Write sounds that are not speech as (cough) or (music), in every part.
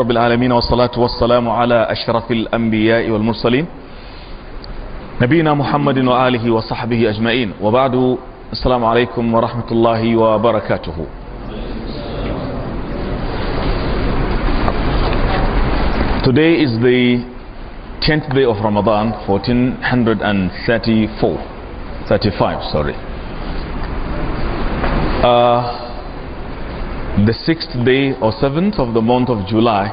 رب العالمين والصلاة والسلام على أشرف الأنبياء والمرسلين نبينا محمد وآله وصحبه أجمعين وبعد السلام عليكم ورحمة الله وبركاته Today is the 10th day of Ramadan 1434 35 sorry uh, the sixth day or seventh of the month of July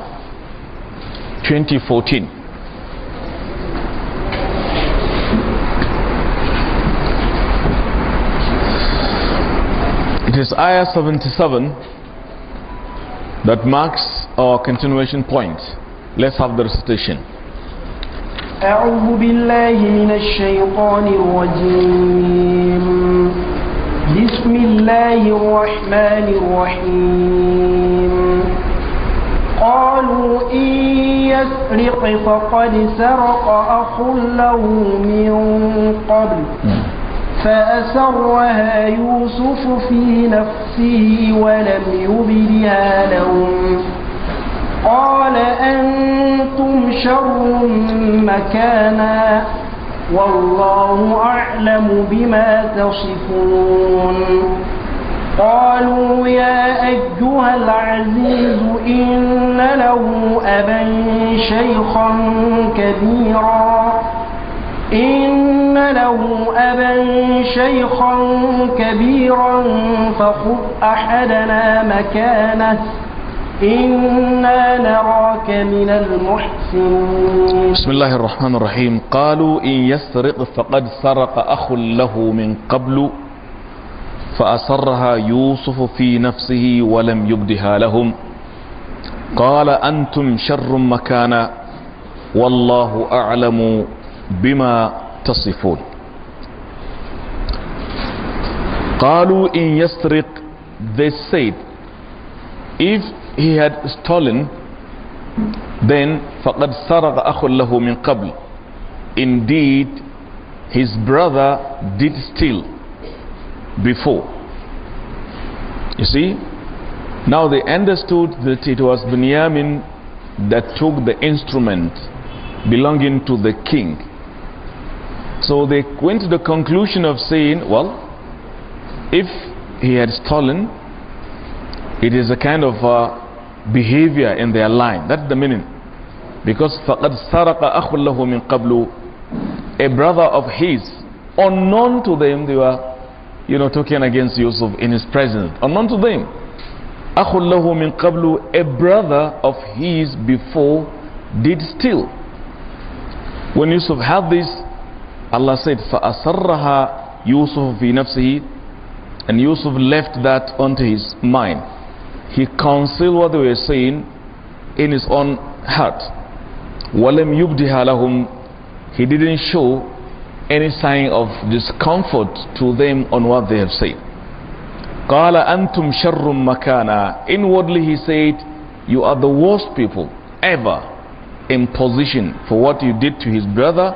2014. It is Ayah 77 that marks our continuation point. Let's have the recitation. أعوذ بالله من الشيطان الرجيم بسم الله الرحمن الرحيم قالوا إن يسرق فقد سرق أخ له من قبل فأسرها يوسف في نفسه ولم يبدها لهم قال أنتم شر مكانا والله أعلم بما تصفون قالوا يا أيها العزيز إن له أبا شيخا كبيرا إن له أبا شيخا كبيرا فخذ أحدنا مكانه إنا نراك من المحسنين بسم الله الرحمن الرحيم قالوا إن يسرق فقد سرق أخ له من قبل فأسرها يوسف في نفسه ولم يبدها لهم قال أنتم شر مكانا والله أعلم بما تصفون قالوا إن يسرق they said if he had stolen, then فَقَدْ سَرَغَ أَخٌ لَهُ مِنْ قَبْلِ Indeed, his brother did steal before. You see? Now they understood that it was Bunyamin that took the instrument belonging to the king. So they went to the conclusion of saying, well, if he had stolen, it is a kind of uh, behavior in their line. That's the meaning. Because فَقَدْ سَرَقَ أَخُ لَهُ مِنْ قَبْلُ A brother of his, unknown to them, they were, you know, talking against Yusuf in his presence. Unknown to them. أَخُ لَهُ مِنْ قَبْلُ A brother of his before did steal. When Yusuf had this, Allah said, فَأَسَرَّهَا Yusuf فِي نَفْسِهِ and Yusuf left that onto his mind he concealed what they were saying in his own heart. Walam يُبْدِهَا He didn't show any sign of discomfort to them on what they have said. Kala antum sharrum makana. Inwardly he said, you are the worst people ever in position for what you did to his brother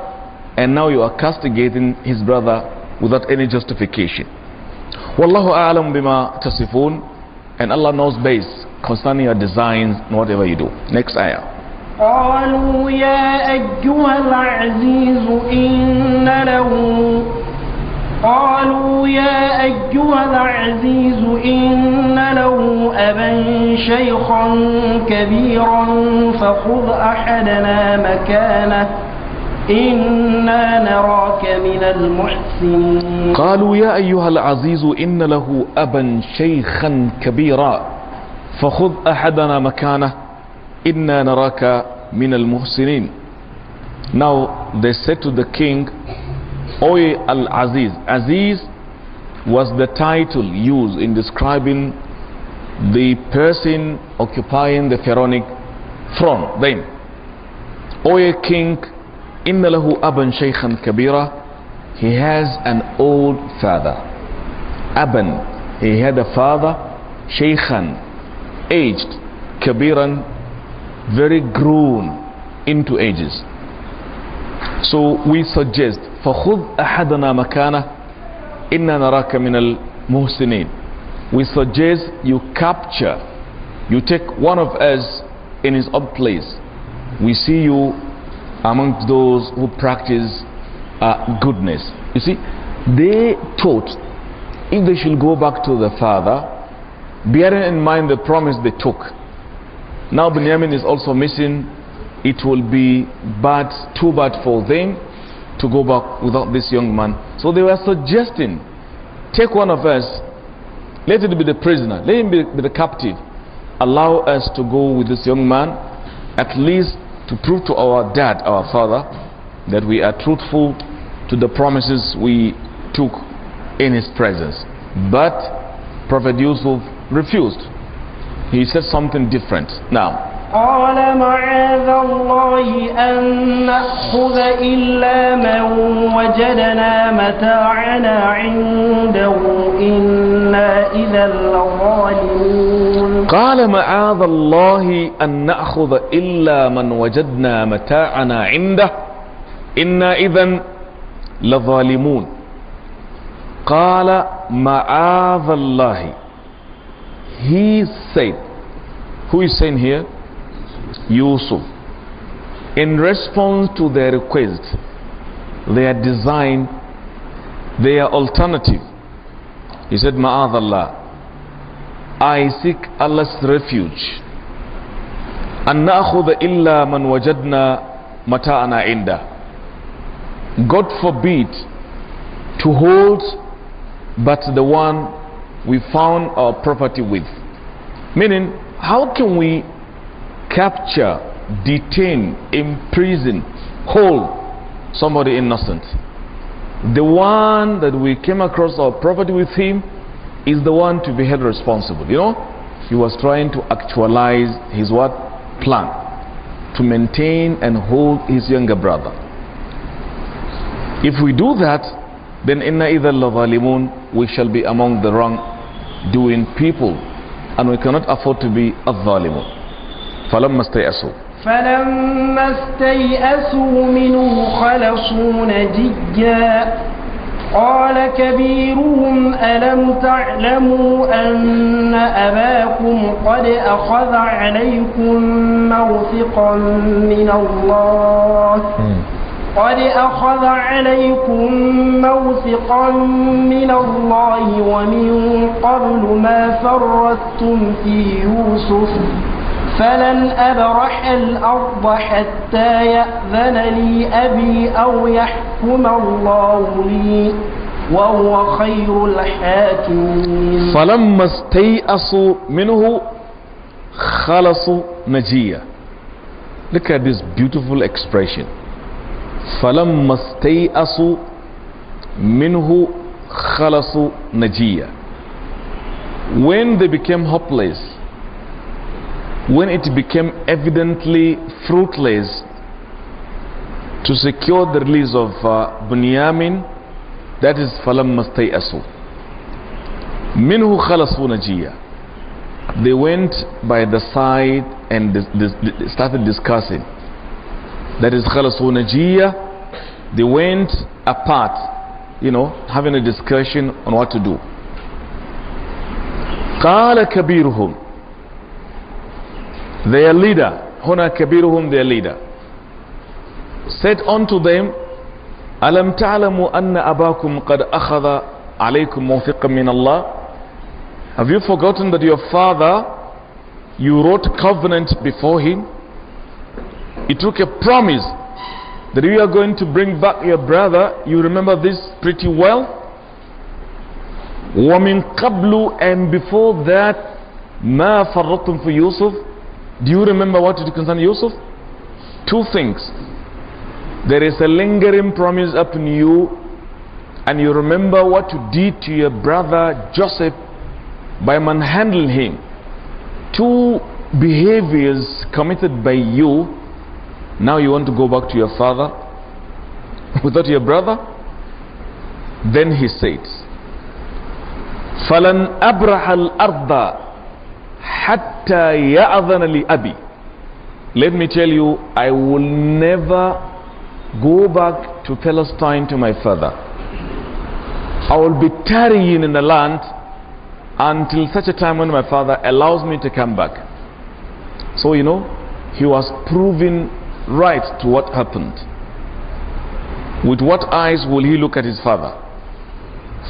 and now you are castigating his brother without any justification. Wallahu alam bima tasifun. And Allah knows best concerning your designs and whatever you do. Next ayah. قالوا يا أيها العزيز إن له قالوا يا أيها العزيز إن له أبا شيخا كبيرا فخذ أحدنا مكانه إنا نراك من المحسنين قالوا يا أيها العزيز إن له أبا شيخا كبيرا فخذ أحدنا مكانه إنا نراك من المحسنين Now they said to the king, Oy Al-Aziz, Aziz was the title used in describing the person occupying the pharaonic throne, then. Oy King, إن له أبا شيخا كبيرا he has an old father أبا he had a father شيخا aged كبيرا very grown into ages so we suggest فخذ أحدنا مكانه إنا نراك من المحسنين we suggest you capture you take one of us in his old place we see you amongst those who practice uh, goodness. You see, they thought if they should go back to the father, bearing in mind the promise they took. Now Benjamin is also missing. It will be bad, too bad for them to go back without this young man. So they were suggesting, take one of us, let it be the prisoner, let him be, be the captive. Allow us to go with this young man. At least to prove to our dad, our father, that we are truthful to the promises we took in his presence. But Prophet Yusuf refused. He said something different. Now, قال معاذ الله أن نأخذ إلا من وجدنا متاعنا عنده إنا إذا لظالمون قال معاذ الله أن نأخذ إلا من وجدنا متاعنا عنده إنا إذا لظالمون قال معاذ الله he said who is saying here Yusuf in response to their request their design their alternative he said معاذ الله I seek Allah's refuge. أن نأخذ إلا من وجدنا متاعنا عنده. God forbid to hold but the one we found our property with. Meaning, how can we capture, detain, imprison, hold somebody innocent? The one that we came across our property with him is the one to be held responsible. You know, he was trying to actualize his what? Plan to maintain and hold his younger brother. If we do that, then inna idha lavalimun, we shall be among the wrong doing people and we cannot afford to be a الظالمون فلما استيأسوا فلما استيأسوا منه خلصوا نجيا قال كبيرهم ألم تعلموا أن أباكم قد أخذ عليكم موثقا من الله قد أخذ عليكم موثقا من الله ومن قبل ما فرطتم في يوسف فلن أبرح الأرض حتى يأذن لي أبي أو يحكم الله لي وهو خير الحاكمين فلما استيأسوا منه خلصوا نجية Look at this beautiful expression فلما استيأسوا منه خلصوا نجية When they became hopeless when it became evidently fruitless to secure the release of uh, Bunyamin, that is Asu. minhu khalasu najiya, They went by the side and dis dis started discussing. That khalasu najiya, They went apart, you know, having a discussion on what to do. قَالَ كَبِيرُهُمْ their leader, Huna Kabiruhum, their leader, said unto them, ألم تعلموا أن أباكم قد أخذ عليكم موثقا من الله Have you forgotten that your father, you wrote covenant before him? He took a promise that you are going to bring back your brother. You remember this pretty well? وَمِن قَبْلُ And before that, مَا فَرَّطْتُمْ for Yusuf do you remember what it concerned Yusuf? Two things. There is a lingering promise upon you, and you remember what you did to your brother Joseph by manhandling him. Two behaviors committed by you. Now you want to go back to your father (laughs) without your brother? Then he says, فَلَنْ أَبْرَحَ الْأَرْضَ hatta ya'adhana li abi let me tell you i will never go back to palestine to my father i will be tarrying in the land until such a time when my father allows me to come back so you know he was proving right to what happened with what eyes will he look at his father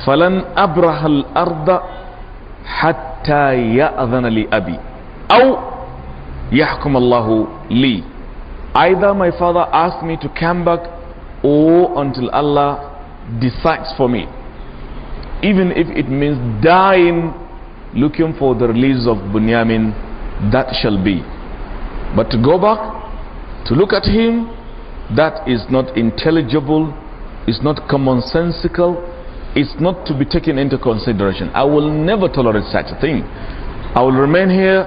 فلن abrahal الأرض. حتى يأذن لي أبي أو يحكم الله لي Either my father asks me to come back or until Allah decides for me. Even if it means dying looking for the release of Bunyamin, that shall be. But to go back, to look at him, that is not intelligible, is not commonsensical, is not to be taken into consideration. I will never tolerate such a thing. I will remain here.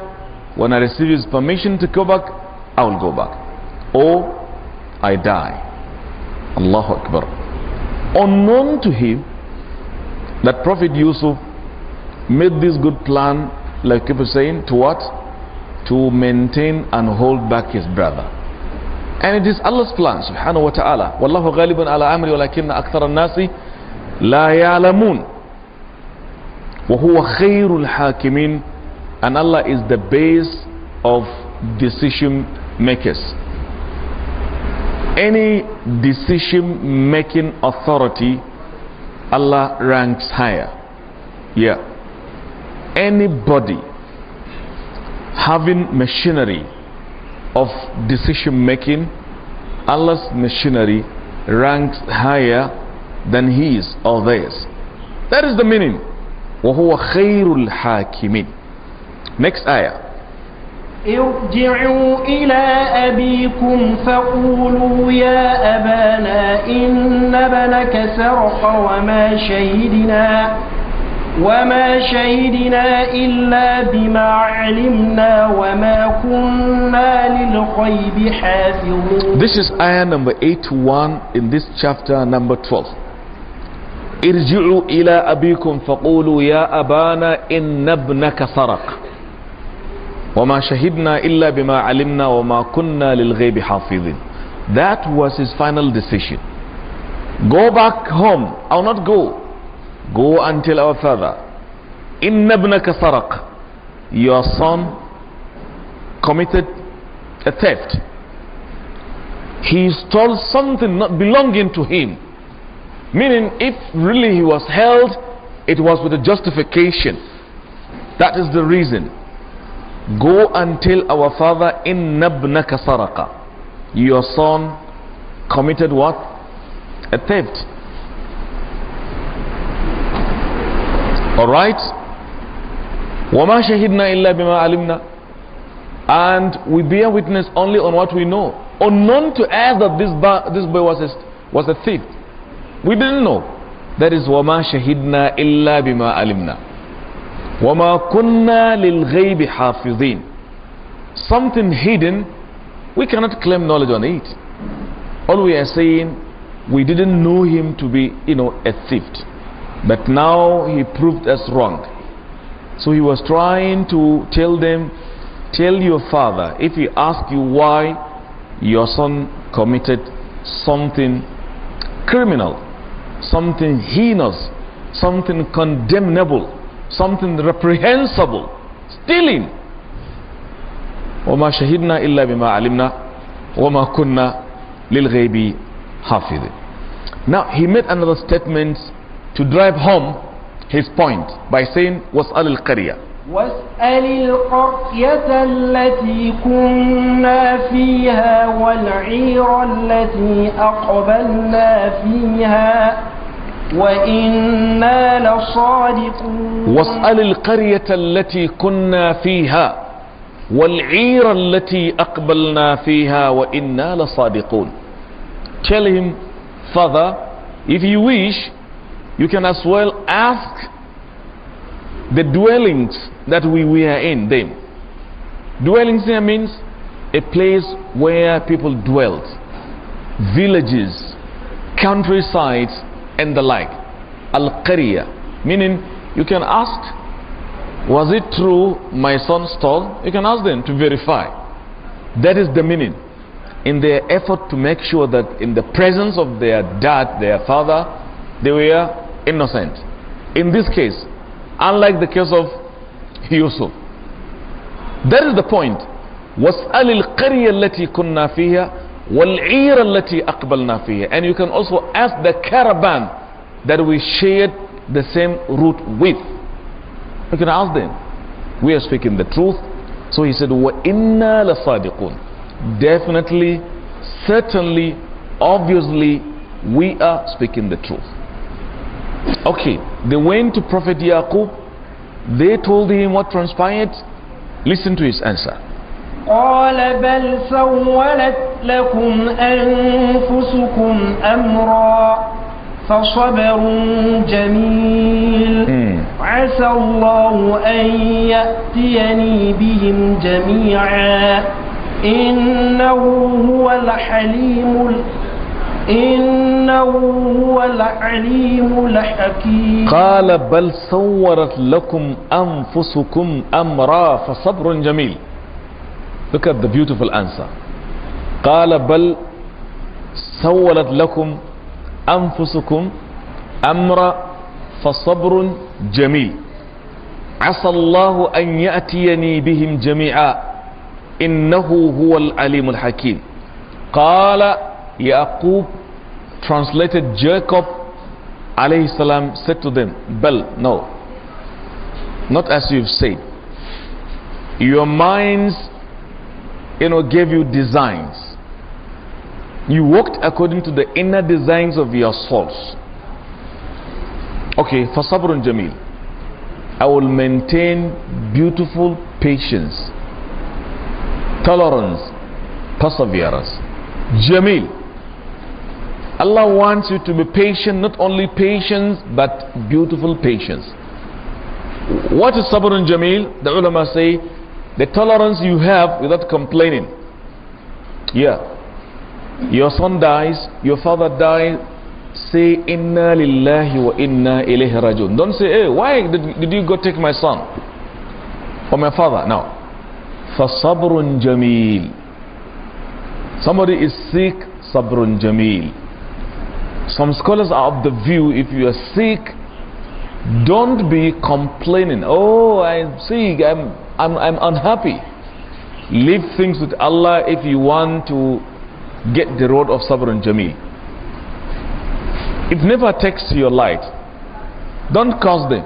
When I receive his permission to go back, I will go back. Or I die. Allahu Akbar. Unknown to him, that Prophet Yusuf made this good plan, like people saying, to what? To maintain and hold back his brother. And it is Allah's plan, subhanahu wa ta'ala. Wallahu ghalibun ala amri walakinna akthara nasi لا يعلمون وهو خير الحاكمين and Allah is the base of decision makers any decision making authority Allah ranks higher yeah anybody having machinery of decision making Allah's machinery ranks higher than his or theirs. That is the meaning. وهو خير الحاكمين. Next ayah. ارجعوا إلى أبيكم فقولوا يا أبانا إن ابنك سرق وما شهدنا وما شهدنا إلا بما علمنا وما كنا للغيب حافظين This is ayah number 81 in this chapter number 12. ارجعوا إلى أبيكم فقولوا يا أبانا إن ابنك سرق وما شهدنا إلا بما علمنا وما كنا للغيب حافظين That was his final decision. Go back home. or not go. Go and tell our father. ان ابنك سرق Your son committed a theft. He stole something not belonging to him. Meaning, if really he was held, it was with a justification. That is the reason. Go and tell our father, in nabnaka saraka. Your son committed what? A theft. Alright? وَمَا شَهِدْنَا إِلَّا بِمَا عَلِمْنَا And we bear witness only on what we know. Unknown to us that this boy, this boy was a, was a thief. We didn't know. That shahidna وَمَا شَهِدْنَا إِلَّا بِمَا kunna وَمَا كُنَّا hafizin Something hidden, we cannot claim knowledge on it. All we are saying, we didn't know him to be, you know, a thief. But now he proved us wrong. So he was trying to tell them, tell your father, if he asks you why your son committed something criminal, something heinous, something condemnable, something reprehensible, stealing. وما شهدنا إلا بما علمنا وما كنا للغيب حافظين Now he made another statement to drive home his point by saying was al-qaryah واسأل القرية التي كنا فيها والعير التي أقبلنا فيها وإنا لصادقون واسأل القرية التي كنا فيها والعير التي أقبلنا فيها وإنا لصادقون Tell him, Father, if you wish, you can as well ask the dwellings that we were in them. Dwellings here means a place where people dwelt, villages, countrysides, and the like. Al Qariya, meaning you can ask, Was it true my son stole? You can ask them to verify. That is the meaning. In their effort to make sure that in the presence of their dad, their father, they were innocent. In this case, Unlike the case of Yusuf. That is the point. وَاسْأَلِ الْقَرْيَ الَّتِي كُنَّا فِيهَا وَالْعِيرَ الَّتِي أَقْبَلْنَا فِيهَا And you can also ask the caravan that we shared the same route with. You can ask them. We are speaking the truth. So he said, وَإِنَّا لَصَادِقُونَ Definitely, certainly, obviously, we are speaking the truth. Okay, they went to Prophet Yaqub. They told him what transpired. Listen to his answer. قال بل سولت لكم أنفسكم أمرا فصبر جميل hmm. عسى الله أن يأتيني بهم جميعا إنه هو الحليم إنه هو العليم الحكيم قال بل صورت لكم أنفسكم أمرا فصبر جميل Look at the beautiful answer قال بل سولت لكم أنفسكم أمرا فصبر جميل عسى الله أن يأتيني بهم جميعا إنه هو العليم الحكيم قال يعقوب translated Jacob alayhi salam said to them, Bel, no, not as you've said. Your minds, you know, gave you designs. You walked according to the inner designs of your souls. Okay, for sabrun jamil, I will maintain beautiful patience, tolerance, perseverance. Jamil, Allah wants you to be patient, not only patience, but beautiful patience. What is sabrun jamil? The ulama say, the tolerance you have without complaining. Yeah. Your son dies, your father dies, say, Inna lillahi wa inna ilayhi rajun. Don't say, hey, why did, did you go take my son? Or my father? No. Fasabrun jamil. Somebody is sick, sabrun jamil. Some scholars are of the view if you are sick, don't be complaining. Oh, I'm sick, I'm, I'm, I'm unhappy. Leave things with Allah if you want to get the road of Sabr and Jami. it never takes your light, don't cause them.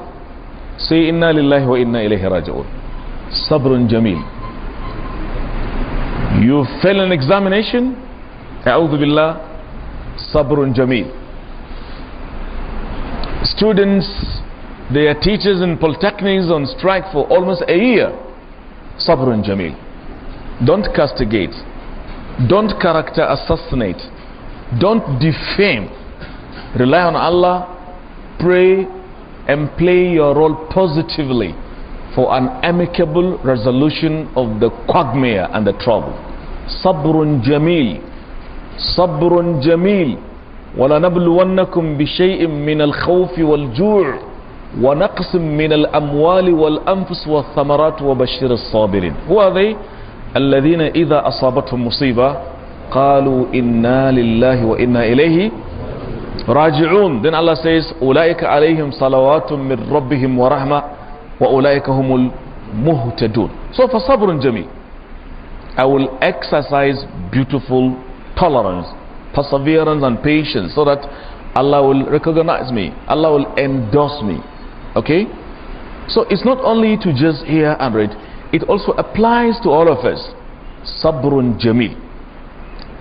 Say, Inna lillahi wa inna ilayhi raji'un. Sabrun jamil. You fail an examination, A'udhu billah, sabrun jamil students their teachers in polytechnics on strike for almost a year sabrun jamil don't castigate don't character assassinate don't defame rely on allah pray and play your role positively for an amicable resolution of the quagmire and the trouble sabrun jamil صبر جميل ولنبلونكم بشيء من الخوف والجوع ونقص من الأموال والأنفس والثمرات وبشر الصابرين هو ذي الذين إذا أصابتهم مصيبة قالوا إنا لله وإنا إليه راجعون then Allah says أولئك عليهم صلوات من ربهم ورحمة وأولئك هم المهتدون so فصبر جميل I will exercise beautiful tolerance, perseverance, and patience so that Allah will recognize me, Allah will endorse me. Okay? So it's not only to just hear and read, it also applies to all of us. Sabrun Jamil.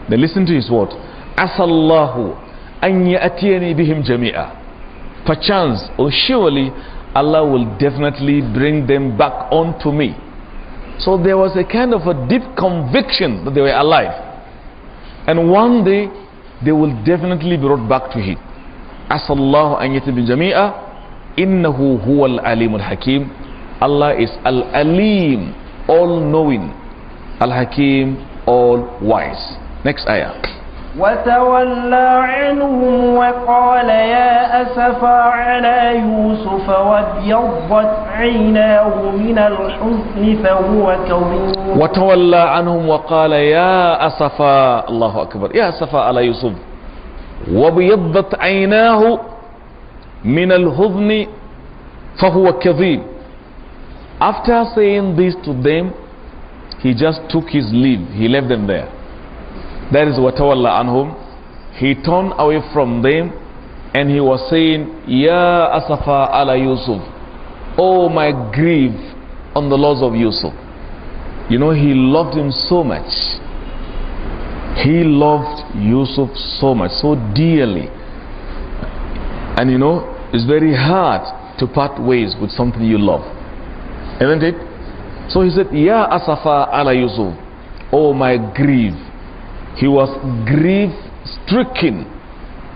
Then listen to his word. Asallahu an ya'tiyani bihim jami'a. Perchance or oh, surely Allah will definitely bring them back onto me. So there was a kind of a deep conviction that they were alive. And one day, they will definitely be brought back to Him. Asallahu an yatabin jami'a, innahu huwa al-alim al-hakim. Allah is al-alim, all-knowing, al-hakim, all-wise. Next ayah. وتولى عنهم وقال يا أسفا على يوسف وابيضت عيناه من الحزن فهو كظيم وتولى عنهم وقال يا أسفا الله أكبر يا أسفا على يوسف وابيضت عيناه من الحزن فهو كظيم After saying this to them, he just took his leave. He left them there. That is Allah anhum. He turned away from them and he was saying, Ya Asafa ala Yusuf. Oh my grief on the loss of Yusuf. You know, he loved him so much. He loved Yusuf so much, so dearly. And you know, it's very hard to part ways with something you love. Isn't it? So he said, Ya Asafa ala Yusuf. Oh my grief he was grief stricken.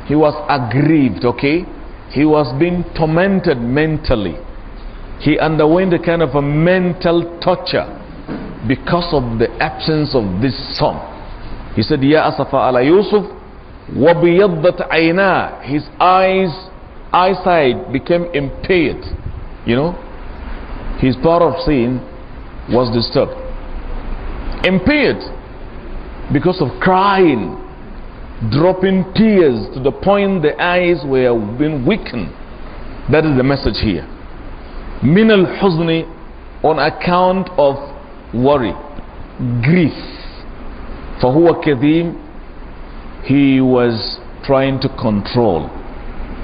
He was aggrieved, okay? He was being tormented mentally. He underwent a kind of a mental torture because of the absence of this son. He said, Ya Asafa ala Yusuf, وَبِيَضَّتْ ayna." His eyes, eyesight became impaired. You know, his power of seeing was disturbed. Impaired because of crying, dropping tears to the point the eyes were being weakened. That is the message here. Min al husni on account of worry, grief. For فهو he was trying to control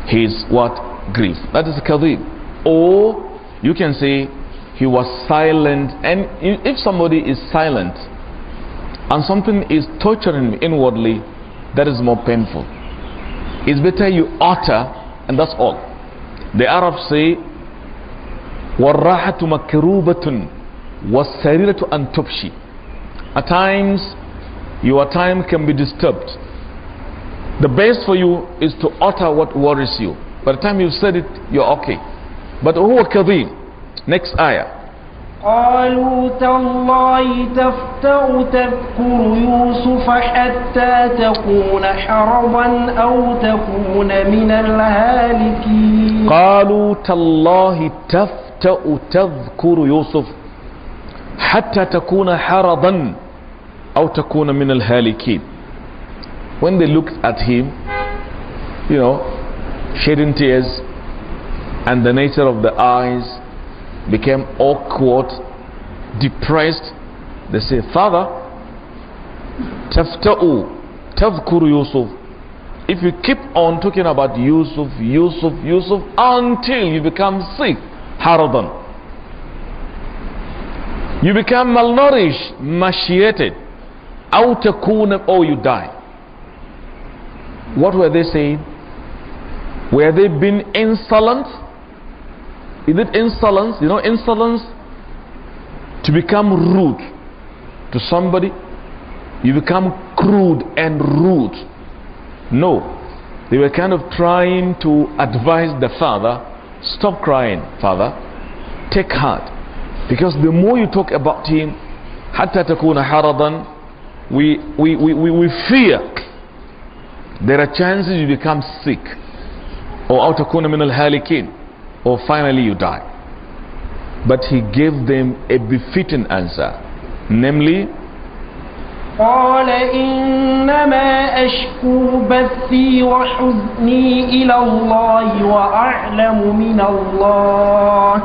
his what grief that is kadhim. or you can say he was silent and if somebody is silent and something is torturing me inwardly, that is more painful. It's better you utter and that's all. The Arabs say, وَالرَّاحَةُ مَكْرُوبَةٌ وَالسَّرِيرَةُ أَن تُبْشِي At times, your time can be disturbed. The best for you is to utter what worries you. By the time you've said it, you're okay. But هو كذي Next ayah. قالوا تالله تفتأ تذكر يوسف حتى تكون حربا أو تكون من الهالكين قالوا تالله تفتأ تذكر يوسف حتى تكون حربا أو تكون من الهالكين when they looked at him you know shedding tears and the nature of the eyes became awkward, depressed. They say, Father, tafta'u, tafkur Yusuf. If you keep on talking about Yusuf, Yusuf, Yusuf, until you become sick, haradan. You become malnourished, machiated, out of or you die. What were they saying? Were they being insolent? Is it insolence? You know, insolence to become rude to somebody, you become crude and rude. No, they were kind of trying to advise the father stop crying, father, take heart. Because the more you talk about him, حتى تكون حرضا, we, we, we, we, we fear there are chances you become sick. Or أو تكون من الهالكين or finally you die. But he gave them a befitting answer, namely, قال إنما أشكو بثي وحزني إلى الله وأعلم من الله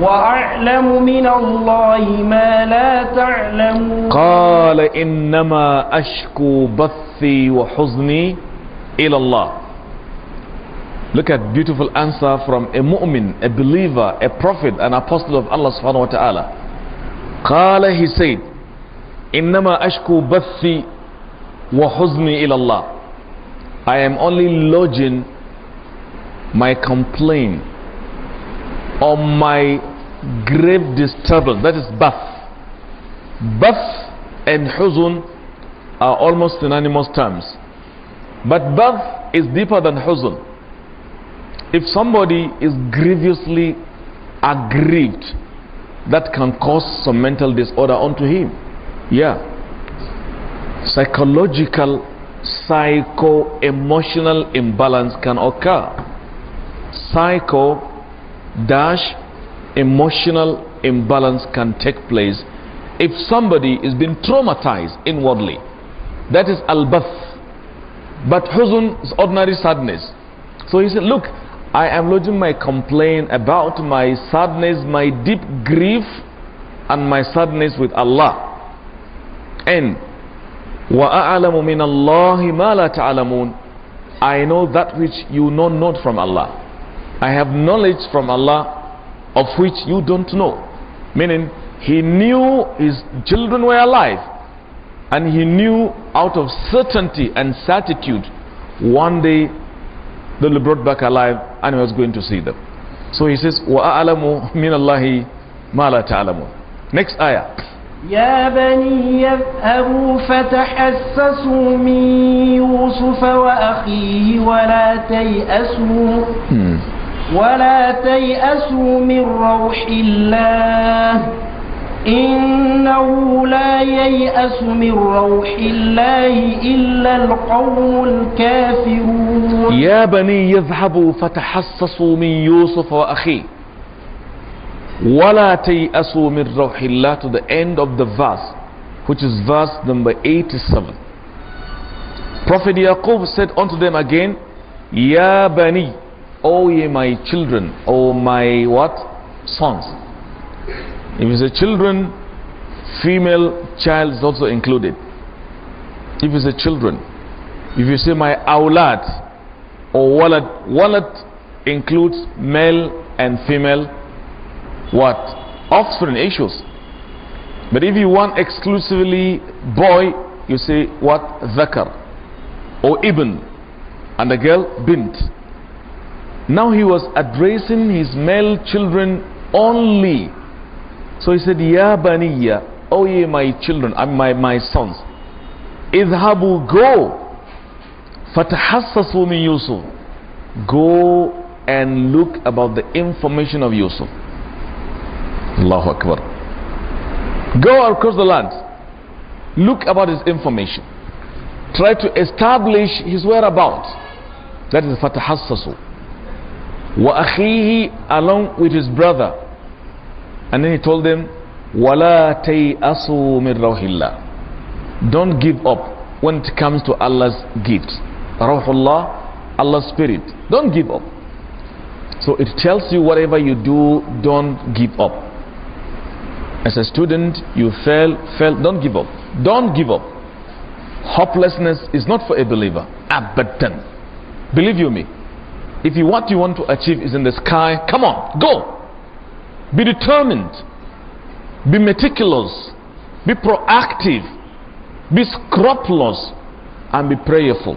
وأعلم من الله ما لا تعلمون قال إنما أشكو بثي وحزني إلى الله Look at beautiful answer from a mu'min, a believer, a prophet, an apostle of Allah subhanahu wa ta'ala. Qala, he said, Innama ashku bathi wa huzni ilallah. I am only lodging my complaint or my grave disturbance. That is bath. Bath and huzun are almost synonymous terms. But bath is deeper than huzun. If somebody is grievously aggrieved, that can cause some mental disorder onto him. Yeah. Psychological, psycho emotional imbalance can occur. Psycho dash emotional imbalance can take place if somebody is being traumatized inwardly. That is al-bath. But huzun is ordinary sadness. So he said, look, I am lodging my complaint about my sadness, my deep grief, and my sadness with Allah. And وَأَعْلَمُ مِنَ اللَّهِ مَا لَا تَعْلَمُونَ I know that which you know not from Allah. I have knowledge from Allah of which you don't know. Meaning, he knew his children were alive. And he knew out of certainty and certitude, one day then he brought back alive and he was going to see them so he says wa a'lamu min allahi mala la ta'lamu next ayah يا بني يذهبوا فتحسسوا من يوسف وأخيه ولا تيأسوا ولا تيأسوا من روح الله إنه لا ييأس من روح الله إلا القوم الكافرون يا بني يذهبوا فتحسسوا من يوسف وأخيه ولا تيأسوا من روح الله to the end of the verse which is verse number 87 Prophet Yaqub said unto them again Ya bani O ye my children O my what sons if you say children, female child is also included. If you say children, if you say my awlad or walad, walad includes male and female what? Offspring issues. But if you want exclusively boy, you say what? Zakar or Ibn and the girl Bint. Now he was addressing his male children only so he said, Ya Baniya, O ye my children, my, my sons, Idhabu, go, Fatahassasu min Yusuf, go and look about the information of Yusuf. Allahu Akbar. Go across the land, look about his information, try to establish his whereabouts. That is Fatahassasu. Wa along with his brother. And then he told them, Wala asu min rawhillah. Don't give up when it comes to Allah's gift. Rawhullah, Allah's spirit. Don't give up. So it tells you whatever you do, don't give up. As a student, you fail, fail, don't give up. Don't give up. Hopelessness is not for a believer. Abadan. Believe you me. If you, what you want to achieve is in the sky, come on, go. Be determined. Be meticulous. Be proactive. Be scrupulous. And be prayerful.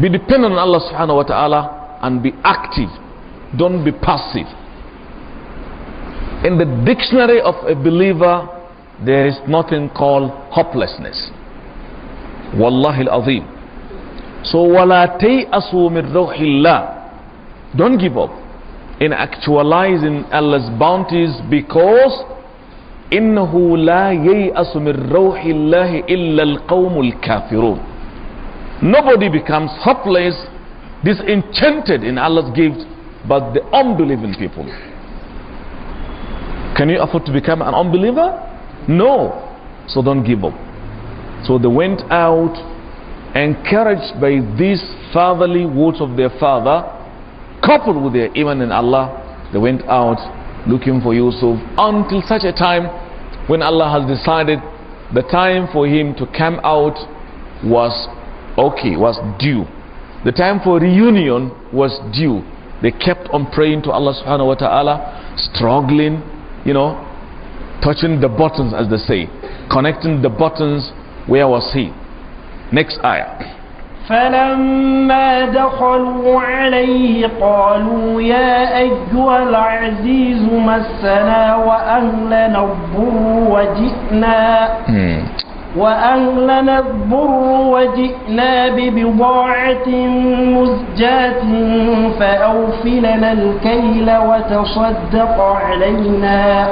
Be dependent on Allah subhanahu wa ta'ala and be active. Don't be passive. In the dictionary of a believer, there is nothing called hopelessness. Wallahi al-azim. So, وَلَا تَيْأَسُوا اللَّهِ Don't give up in actualizing Allah's bounties because إنه لا ييأس من روح الله إلا القوم الكافرون Nobody becomes hopeless, disenchanted in Allah's gift but the unbelieving people. Can you afford to become an unbeliever? No. So don't give up. So they went out encouraged by these fatherly words of their father coupled with their iman in Allah, they went out looking for Yusuf until such a time when Allah has decided the time for him to come out was okay, was due. The time for reunion was due. They kept on praying to Allah subhanahu wa ta'ala, struggling, you know, touching the buttons as they say, connecting the buttons. Where was he? Next ayah. فلما دخلوا عليه قالوا يا أيها العزيز مسنا وأهلنا الضر وجئنا وأهلنا الضر وجئنا ببضاعة مزجاة فأوفلنا الكيل وتصدق علينا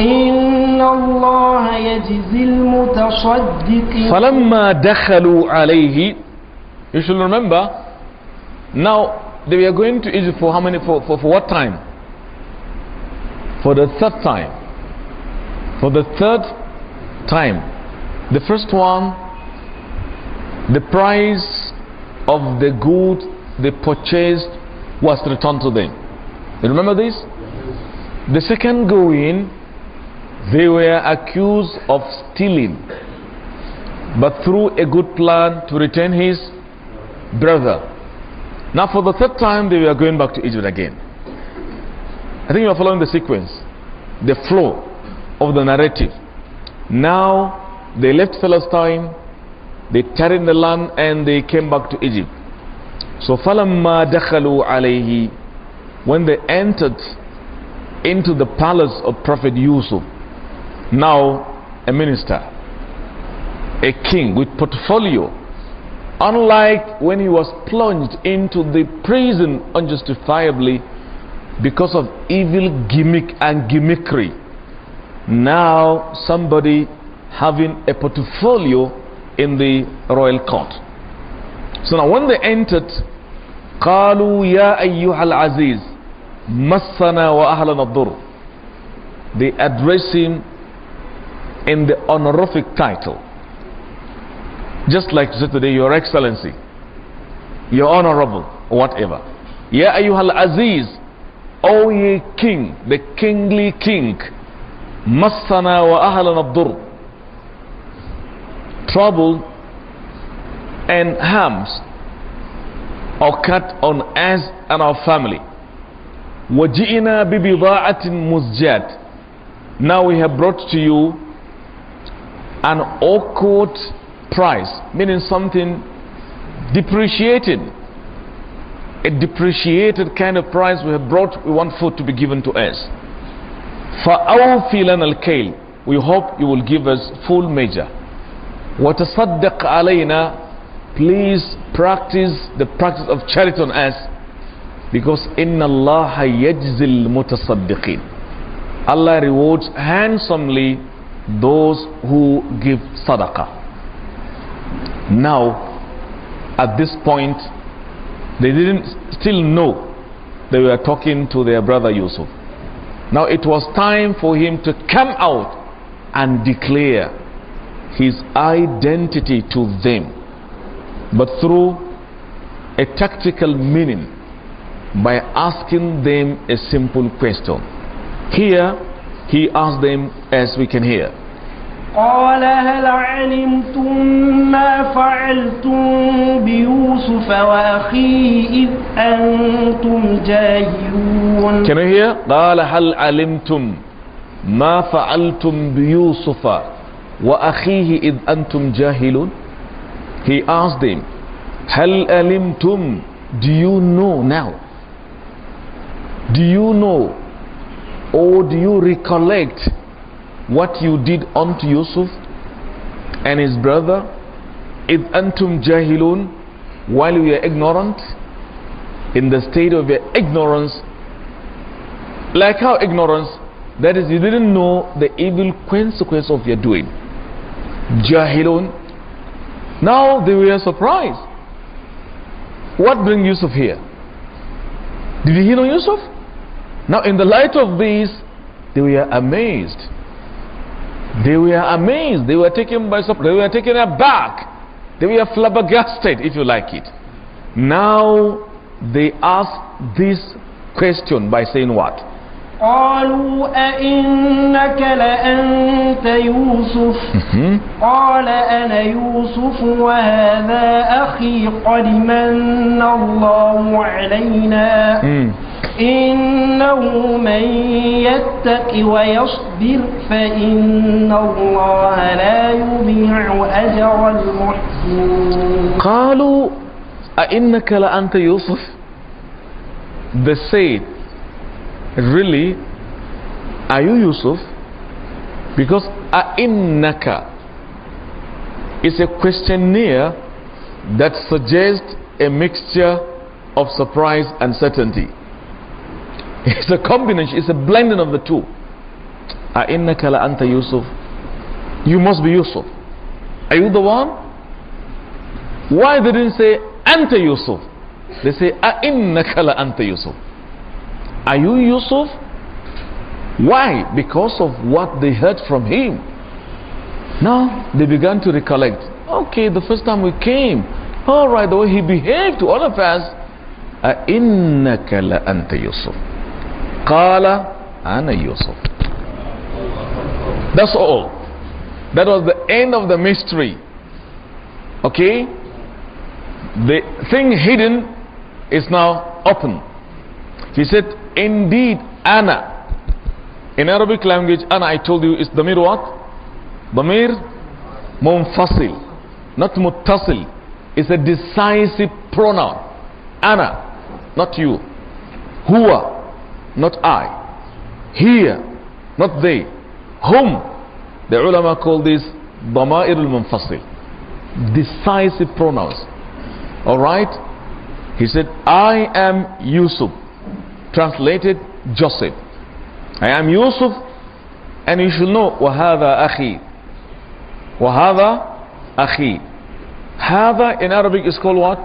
إن الله يجزي المتصدقين فلما دخلوا عليه You should remember, now they were going to Egypt for how many, for, for, for what time? For the third time. For the third time. The first one, the price of the good they purchased was returned to them. You remember this? The second going, they were accused of stealing, but through a good plan to return his brother. Now, for the third time, they were going back to Egypt again. I think you are following the sequence, the flow of the narrative. Now, they left Palestine, they tarried in the land, and they came back to Egypt. So, فَلَمَّا دَخَلُوا alayhi When they entered into the palace of Prophet Yusuf, now a minister, a king with portfolio, Unlike when he was plunged into the prison unjustifiably because of evil gimmick and gimmickry. Now somebody having a portfolio in the royal court. So now when they entered, قالوا يا أيها العزيز مسنا وأهلنا الضر. They address him in the honorific title. Just like to say today, Your Excellency, Your Honorable, whatever. Ya ayuhal Aziz, O ye King, the kingly King, Masana wa Ahlan Abdur. Trouble and harms cut on us and our family. وَجِئِنَا بِبِضَاعَةٍ مُزْجَاتٍ Now we have brought to you an awkward price, meaning something depreciated. A depreciated kind of price we have brought, we want food to be given to us. فَأَوْفِ لَنَا الْكَيْلِ We hope you will give us full measure. وَتَصَدَّقْ عَلَيْنَا Please practice the practice of charity on us because إِنَّ اللَّهَ يَجْزِ الْمُتَصَدِّقِينَ Allah rewards handsomely those who give sadaqah. Now, at this point, they didn't still know they were talking to their brother Yusuf. Now it was time for him to come out and declare his identity to them, but through a tactical meaning by asking them a simple question. Here, he asked them as we can hear. قال هل علمتم ما فعلتم بيوسف وأخيه إذ أنتم جاهلون كما هي قال هل علمتم ما فعلتم بيوسف وأخيه إذ أنتم جاهلون He asked them هل علمتم Do you know now Do you know or do you recollect what you did unto Yusuf and his brother if antum jahilun while you are ignorant in the state of your ignorance like how ignorance that is you didn't know the evil consequence of your doing jahilun now they were surprised what bring Yusuf here did he know Yusuf now in the light of this they were amazed they were amazed. They were taken by surprise. They were taken aback. They were flabbergasted, if you like it. Now they ask this question by saying what? قالوا أئنك لأنت يوسف mm-hmm. قال أنا يوسف وهذا أخي قد من الله علينا mm. إنه من يتق ويصبر فإن الله لا يضيع أجر المحسنين قالوا أئنك لأنت يوسف They said Really Are you Yusuf? Because أئنك is a questionnaire that suggests a mixture of surprise and certainty. It's a combination, it's a blending of the two. أَإِنَّكَ لَأَنْتَ Yusuf. You must be Yusuf. Are you the one? Why they didn't say Anta Yusuf? They say أَإِنَّكَ لَأَنْتَ Yusuf. Are you Yusuf? Why? Because of what they heard from him. Now they began to recollect. Okay, the first time we came, all right, the way he behaved to all of us, أَإِنَّكَ لَأَنْتَ Yusuf. قالَ أنا يوسف. That's all. That was the end of the mystery. Okay? The thing hidden is now open. He said, Indeed, Anna. In Arabic language, Anna, I told you, is Damir what? Damir Munfasil. Not Muttasil. It's a decisive pronoun. Anna, not you. Huwa, not I. Here, not they. Whom? The ulama call this Dama'ir al-Munfasil. Decisive pronouns. Alright? He said, I am Yusuf. Translated, Joseph. I am Yusuf. And you should know, wahada أَخِي wahada أَخِي Hada in Arabic is called what?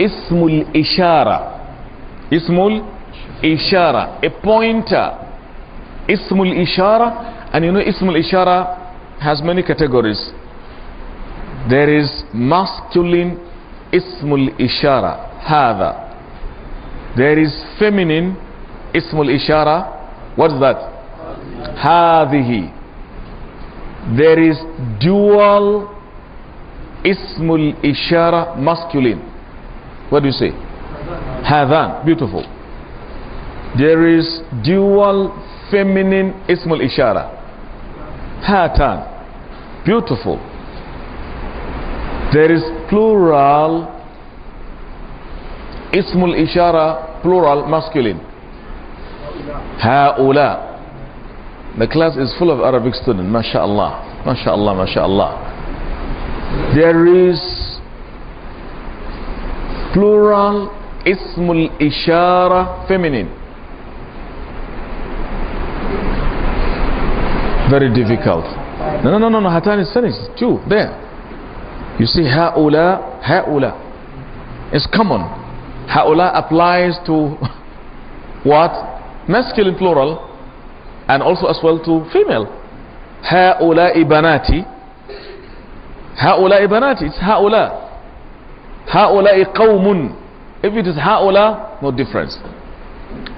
ishara, الإشارة اسم ishara, a pointer. Ismul ishara, and you know Ismul ishara has many categories. There is masculine Ismul ishara, hada. There is feminine Ismul ishara, what's that? Hadihi. There is dual Ismul ishara, masculine. What do you say? Hadan, beautiful there is dual feminine ismul ishara hatan beautiful there is plural ismul ishara plural masculine haula the class is full of Arabic students mashallah mashallah mashallah there is plural ismul ishara feminine very difficult. No, no, no, no, Hatan is finished. Two, there. You see, ha'ula, ha'ula. It's common. Ha'ula applies to (laughs) what? Masculine plural and also as well to female. Ha'ula ibanati. Ha'ula ibanati. It's ha'ula. Ha'ula qawmun. If it is ha'ula, no difference.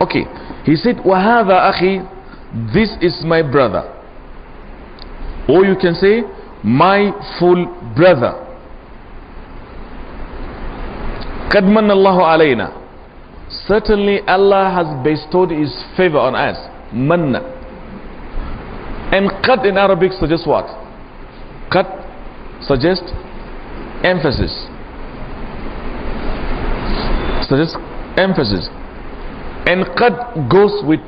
Okay. He said, وَهَذَا أَخِي This is my brother. Or you can say, my full brother. Kadman Allahu alayna. Certainly Allah has bestowed His favor on us. Manna. And qad in Arabic suggests what? Qad suggests emphasis. Suggests emphasis. And qad goes with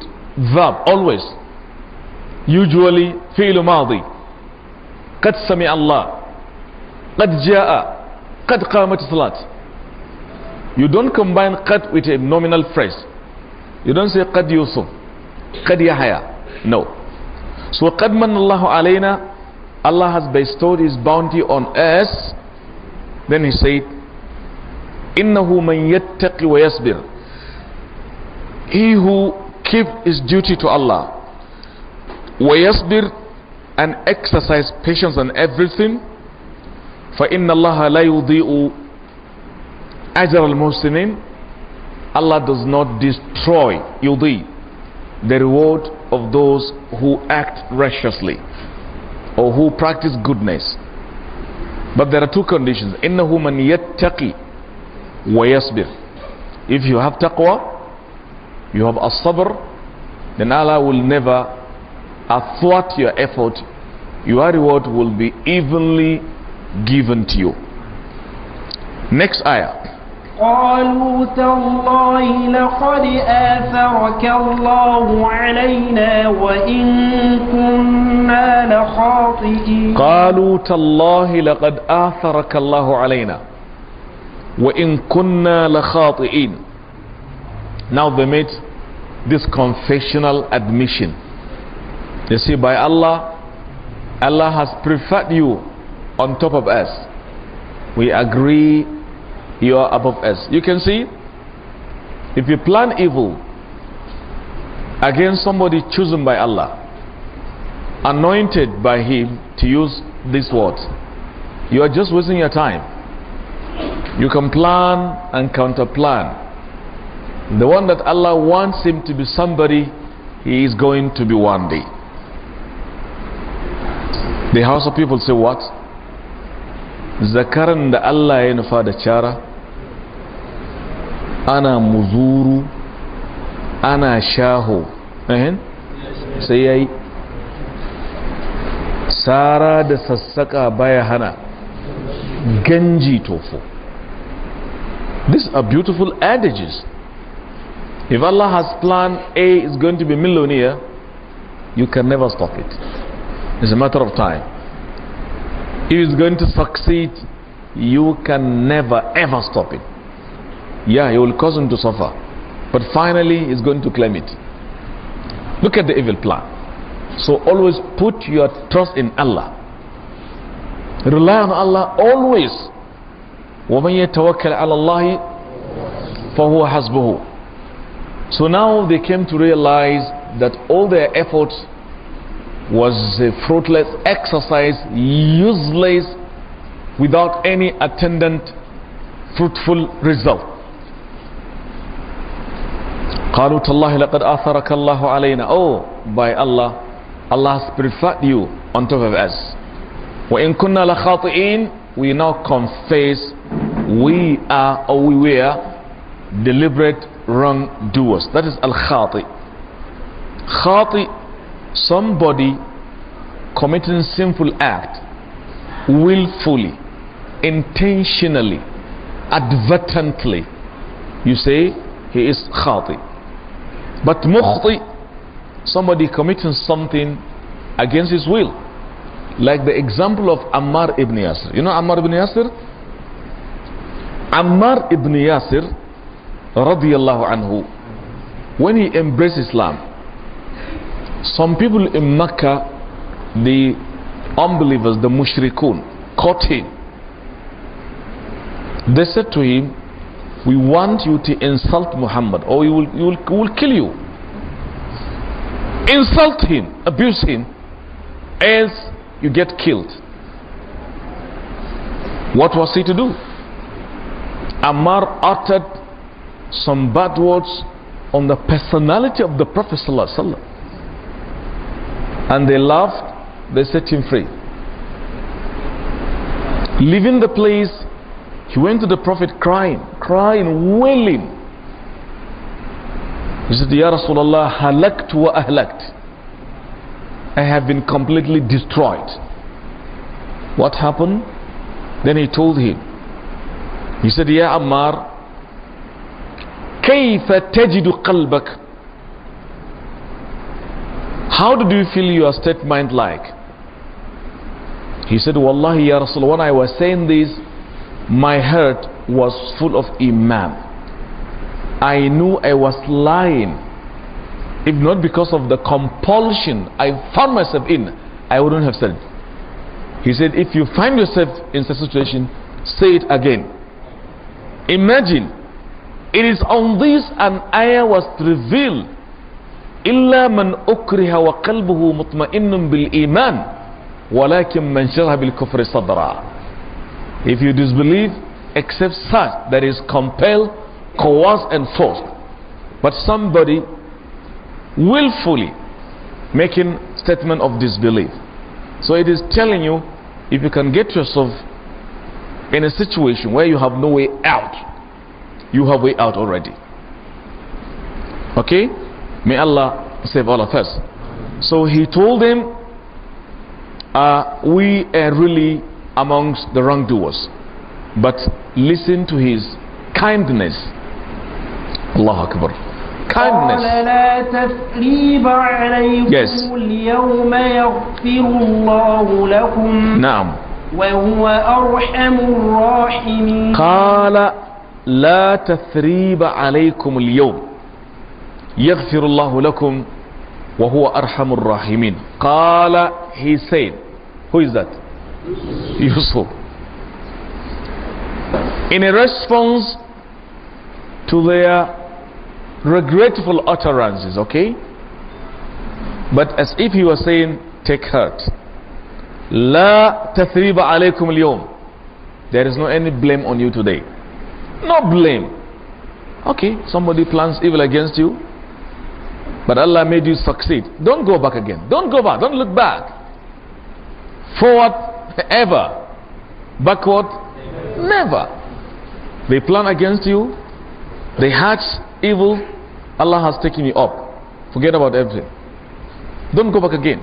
verb always. Usually fi'l madi. قد سمع الله قد جاء قد قامت الصلاة you don't combine قد with a nominal phrase you don't say قد يوسف قد يحيى no so قد من الله علينا Allah has bestowed his bounty on us then he said إنه من يتقي yasbir. he who keep his duty to Allah yasbir and exercise patience on everything For فإن la لا يضيء al المحسنين Allah does not destroy yudhi the reward of those who act righteously or who practice goodness but there are two conditions إنه yattaqi wa ويصبر if you have taqwa you have as-sabr then Allah will never thwart your effort your reward will be evenly given to you. Next ayah. قالوا تالله لقد آثرك الله علينا وإن كنا لخاطئين قالوا تالله لقد آثرك الله علينا وإن كنا لخاطئين Now they made this confessional admission. They say, by Allah, Allah has preferred you on top of us. We agree you are above us. You can see, if you plan evil against somebody chosen by Allah, anointed by Him to use these words, you are just wasting your time. You can plan and counter plan. The one that Allah wants him to be somebody, he is going to be one day the house of people say what zakaran da Allah ya nufa da cara ana muzuru ana shaho sai ya yi sara da sassaka baya hana ganji tofo these are beautiful adages if Allah has planned A is going to be millionaire you can never stop it it's a matter of time. If it's going to succeed, you can never ever stop it. Yeah, you will cause him to suffer. But finally, he's going to claim it. Look at the evil plan. So always put your trust in Allah. Rely on Allah always. وَمَنْ يَتَوَكَّلْ عَلَى اللَّهِ فَهُوَ حَسْبُهُ So now they came to realize that all their efforts was a fruitless exercise, useless, without any attendant fruitful result. قالوا تالله لقد آثرك الله علينا Oh, by Allah, Allah has preferred you on top of us. وإن كنا لخاطئين We now confess we are or we were deliberate wrongdoers. That is al-khati. Khati somebody committing sinful act willfully intentionally advertently you say he is khati but mukhti somebody committing something against his will like the example of Ammar ibn Yasir you know Ammar ibn Yasir Ammar ibn Yasir radiallahu anhu when he embraced Islam some people in Mecca, the unbelievers, the mushrikun, caught him. They said to him, We want you to insult Muhammad or we will, we will, we will kill you. Insult him, abuse him, else you get killed. What was he to do? Ammar uttered some bad words on the personality of the Prophet. Sallallahu and they laughed, they set him free. Leaving the place, he went to the Prophet crying, crying, wailing. He said, Ya Rasulallah, halakt wa ahlakt. I have been completely destroyed. What happened? Then he told him. He said, Ya Ammar, كيف تجد قلبك how did you feel your statement like? He said, Wallahi Ya Rasul, when I was saying this, my heart was full of Imam. I knew I was lying. If not because of the compulsion I found myself in, I wouldn't have said it. He said, if you find yourself in such a situation, say it again. Imagine, it is on this an ayah was revealed إلا من أكره وقلبه مطمئن بالإيمان ولكن من شرح بالكفر صدرا If you disbelieve except such that is compelled, coerced and forced but somebody willfully making statement of disbelief so it is telling you if you can get yourself in a situation where you have no way out you have way out already okay May Allah save all of us. So he told them, uh, We are really amongst the wrongdoers. But listen to his kindness. Allah Akbar. Kindness. Yes. نعم. وهو أرحم الراحمين. قال لا تثريب عليكم اليوم يغفر الله لكم وهو أرحم الراحمين قال he said who is that Yusuf in a response to their regretful utterances okay but as if he was saying take heart لا تثريب عليكم اليوم there is no any blame on you today no blame okay somebody plans evil against you but Allah made you succeed. Don't go back again. Don't go back. Don't look back. Forward, ever. Backward, never. They plan against you. They hatch evil. Allah has taken you up. Forget about everything. Don't go back again.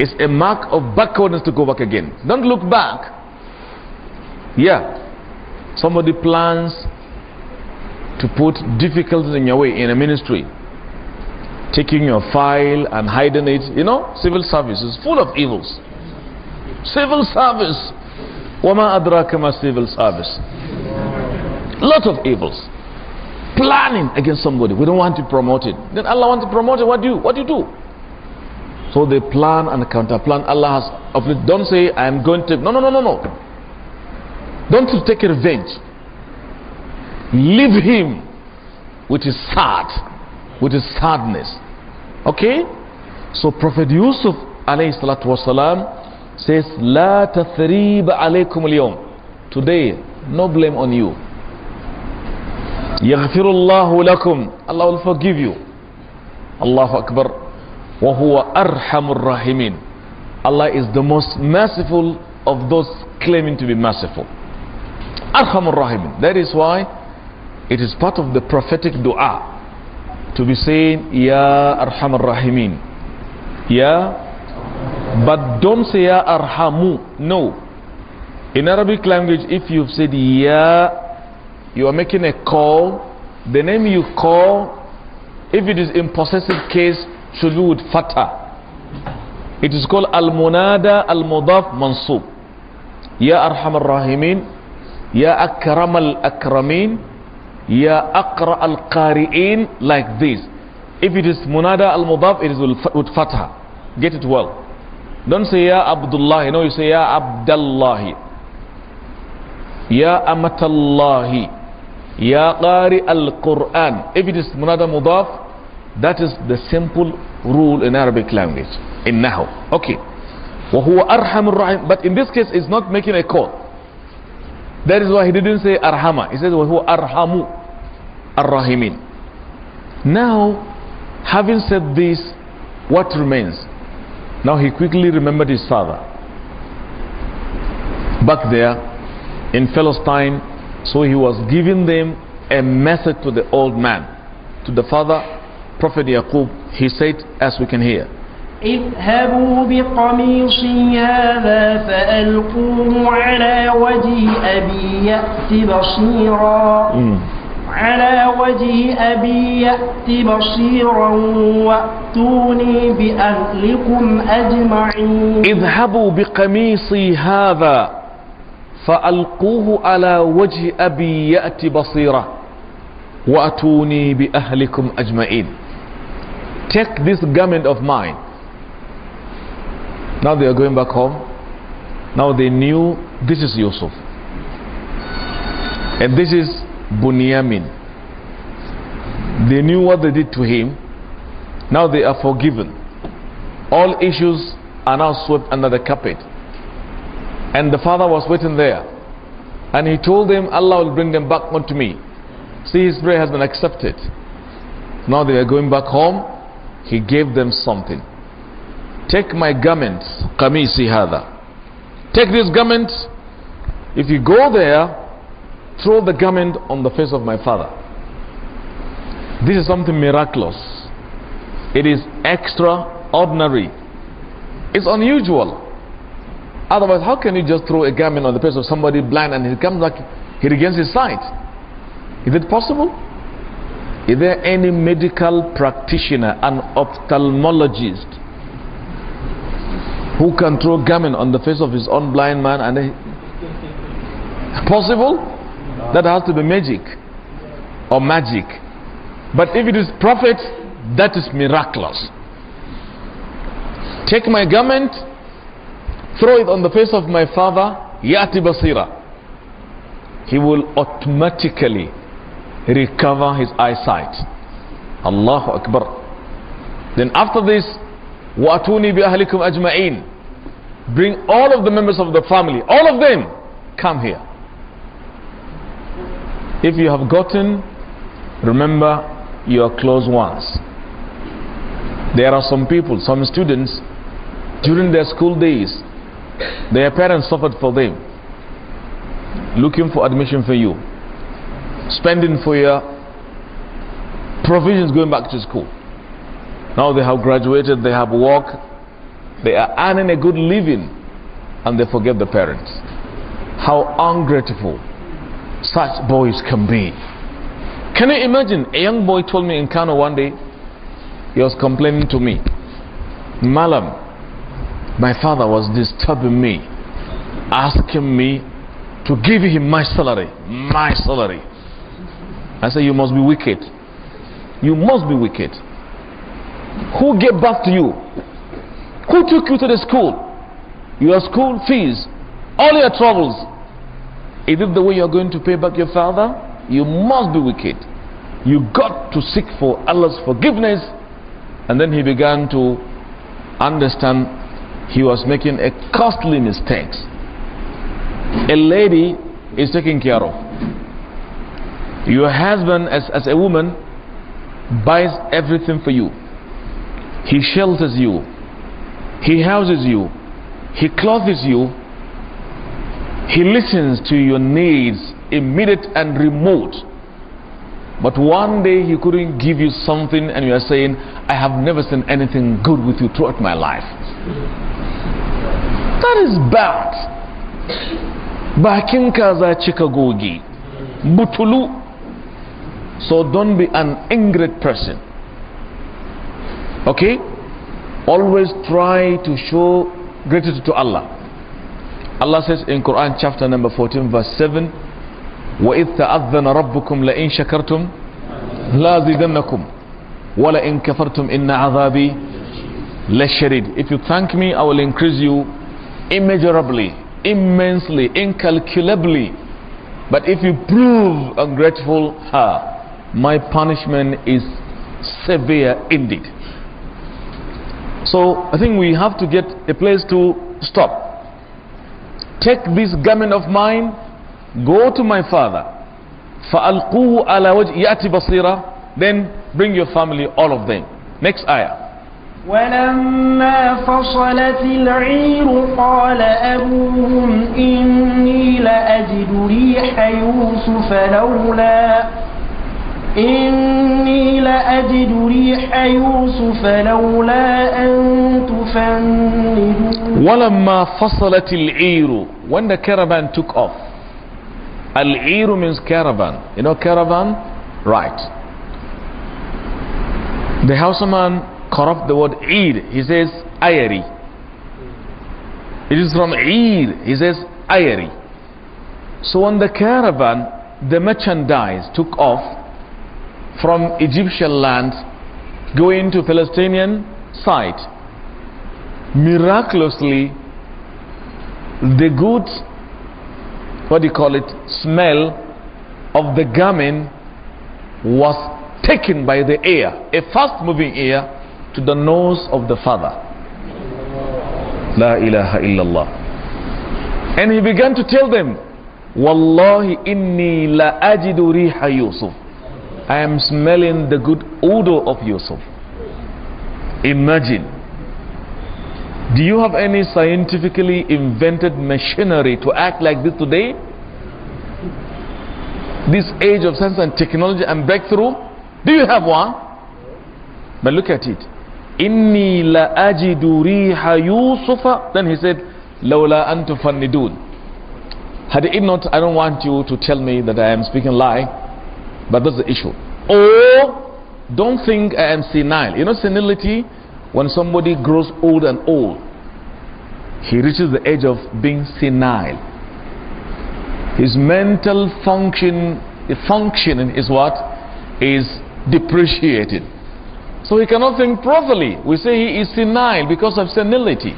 It's a mark of backwardness to go back again. Don't look back. Yeah. Somebody plans to put difficulties in your way in a ministry taking your file and hiding it. You know, civil service is full of evils. Civil service. Wama adrakama civil service. Lot of evils. Planning against somebody. We don't want to promote it. Then Allah wants to promote it. What do you what do you do? So they plan and counter plan. Allah has afflicted. Don't say I am going to no no no no no. Don't take revenge. Leave him with his sad with his sadness. Okay? So Prophet Yusuf alayhi salatu wasalam says, La tathriba alaykum al Today, no blame on you. Yaghfirullahu lakum. Allah will forgive you. Allah Akbar. Wa huwa arhamur rahimin. Allah is the most merciful of those claiming to be merciful. Arhamur rahimin. That is why it is part of the prophetic dua to be saying Ya Arhamar Rahimin. Ya. But don't say Ya Arhamu. No. In Arabic language, if you've said Ya, you are making a call. The name you call, if it is in possessive case, should be with fatah. It is called Al-Munada Al-Mudaf Mansub. Ya Arhamar Rahimin. Ya Akram Al-Akramin. Ya Akra al Qari'in like this. If it is Munada al Mudaf, it is with Fatha. Get it well. Don't say Ya Abdullah. No, you say Ya Abdallahi. Ya Amatallahi. Ya Qari al Quran. If it is Munada Mudaf, that is the simple rule in Arabic language. In Nahu. Okay. but in this case it's not making a call that is why he didn't say arhama. He said who arhamu, arrahimin. Now, having said this, what remains? Now he quickly remembered his father. Back there in Palestine, so he was giving them a message to the old man, to the father, Prophet Yaqub. He said, as we can hear, اذهبوا بقميصي هذا فألقوه على وجه أبي يأت بصيرا على وجه أبي يأت بصيرا وأتوني بأهلكم أجمعين اذهبوا بقميصي هذا فألقوه على وجه أبي يأت بصيرا وأتوني بأهلكم أجمعين Take this garment of mine Now they are going back home. Now they knew this is Yusuf. And this is Bunyamin. They knew what they did to him. Now they are forgiven. All issues are now swept under the carpet. And the father was waiting there. And he told them, Allah will bring them back unto me. See, his prayer has been accepted. Now they are going back home. He gave them something take my garments kamisi hada take these garments if you go there throw the garment on the face of my father this is something miraculous it is extraordinary it's unusual otherwise how can you just throw a garment on the face of somebody blind and he comes back he regains his sight is it possible is there any medical practitioner an ophthalmologist who can throw garment on the face of his own blind man and he, possible that has to be magic or magic but if it is prophet that is miraculous take my garment throw it on the face of my father yati basira he will automatically recover his eyesight allahu akbar then after this وَأَتُونِي بِأَهْلِكُمْ أَجْمَعِينَ Bring all of the members of the family, all of them, come here. If you have gotten, remember your close ones. There are some people, some students, during their school days, their parents suffered for them, looking for admission for you, spending for your provisions going back to school. Now they have graduated, they have work, they are earning a good living, and they forget the parents. How ungrateful such boys can be. Can you imagine? A young boy told me in Kano one day, he was complaining to me, Malam, my father was disturbing me, asking me to give him my salary, my salary. I said, You must be wicked. You must be wicked. Who gave birth to you? Who took you to the school? Your school fees, all your troubles. Is it the way you're going to pay back your father? You must be wicked. You got to seek for Allah's forgiveness. And then he began to understand he was making a costly mistake. A lady is taken care of. Your husband, as, as a woman, buys everything for you he shelters you. He houses you. He clothes you. He listens to your needs, immediate and remote. But one day he couldn't give you something, and you are saying, I have never seen anything good with you throughout my life. That is bad. Bakin kaza chikagogi. Butulu. So don't be an angry person. Okay? Always try to show gratitude to Allah. Allah says in Quran chapter number 14 verse 7 وَإِذْ تَأَذَّنَ رَبُّكُمْ لَإِن شَكَرْتُمْ لَازِدَنَّكُمْ وَلَإِن كَفَرْتُمْ إِنَّ عَذَابِي لَشَرِيدٌ If you thank me, I will increase you immeasurably, immensely, incalculably. But if you prove ungrateful, my punishment is severe indeed. So I think we have to get a place to stop. Take this garment of mine, go to my father. فَأَلْقُوهُ عَلَى وَجْهِ يَأْتِ بَصِيرًا Then bring your family, all of them. Next ayah. ولما فصلت العير قال أبوهم إني لأجد ريح يوسف لولا إني لأجد ريح يوسف لولا أن ولما فصلت العير when the caravan took off العير means caravan you know caravan right the Hausa man corrupt the word Eid. He says Ayari. It is from Eid. He says Ayari. So when the caravan, the merchandise took off, from Egyptian land going to Palestinian side. Miraculously, the good, what do you call it, smell of the garment was taken by the air, a fast moving air, to the nose of the father. La ilaha illallah. And he began to tell them, Wallahi inni la ajidu riha Yusuf. I am smelling the good odor of Yusuf. Imagine. Do you have any scientifically invented machinery to act like this today? This age of science and technology and breakthrough? Do you have one? But look at it. Inni la ajidu riha Yusufa. Then he said, Lawla antu fannidun. Had it not, I don't want you to tell me that I am speaking lie. But that's the issue. Or don't think I am senile. You know, senility, when somebody grows old and old, he reaches the age of being senile. His mental function, functioning is what? Is depreciated. So he cannot think properly. We say he is senile because of senility.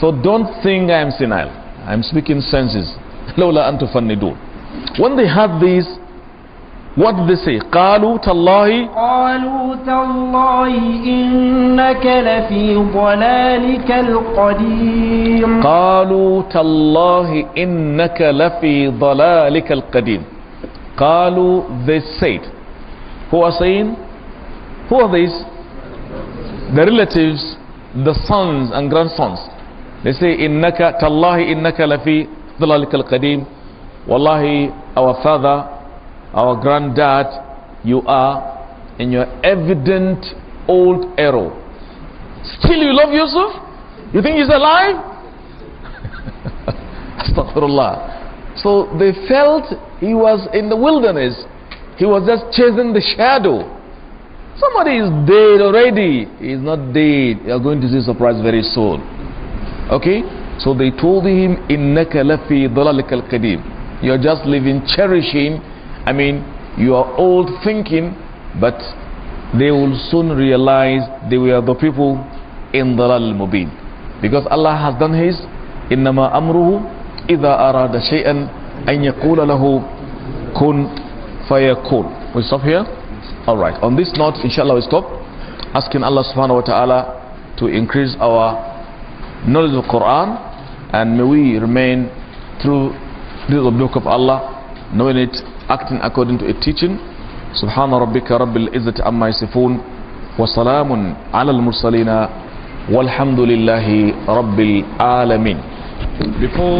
So don't think I am senile. I am speaking senses. Lola (laughs) When they had these what did they say? قالوا تالله قالوا تالله إنك لفي ضلالك القديم قالوا تالله إنك لفي ضلالك القديم قالوا they said who are saying who are these the relatives the sons and grandsons they say إنك تالله إنك لفي ضلالك القديم wallahi our father our granddad, you are in your evident old arrow. Still you love Yusuf? You think he's alive? (laughs) Astaghfirullah. So they felt he was in the wilderness. He was just chasing the shadow. Somebody is dead already. He's not dead. You are going to see surprise very soon. Okay? So they told him, Innaka lafi dalalika al You're just living, cherishing I mean, you are old thinking, but they will soon realize they were the people in the Lal Mubin. Because Allah has done His, إِنَّمَا أَمْرُهُ إِذَا أَرَادَ شَيْئًا أَنْ يَقُولَ لَهُ كُنْ فَيَكُونَ We stop here? Alright, on this note, inshallah we stop. Asking Allah subhanahu wa ta'ala to increase our knowledge of Quran and may we remain through the book of Allah, knowing it acting according to a teaching سبحان ربك رب العزة عما يصفون وسلام على المرسلين والحمد لله رب العالمين before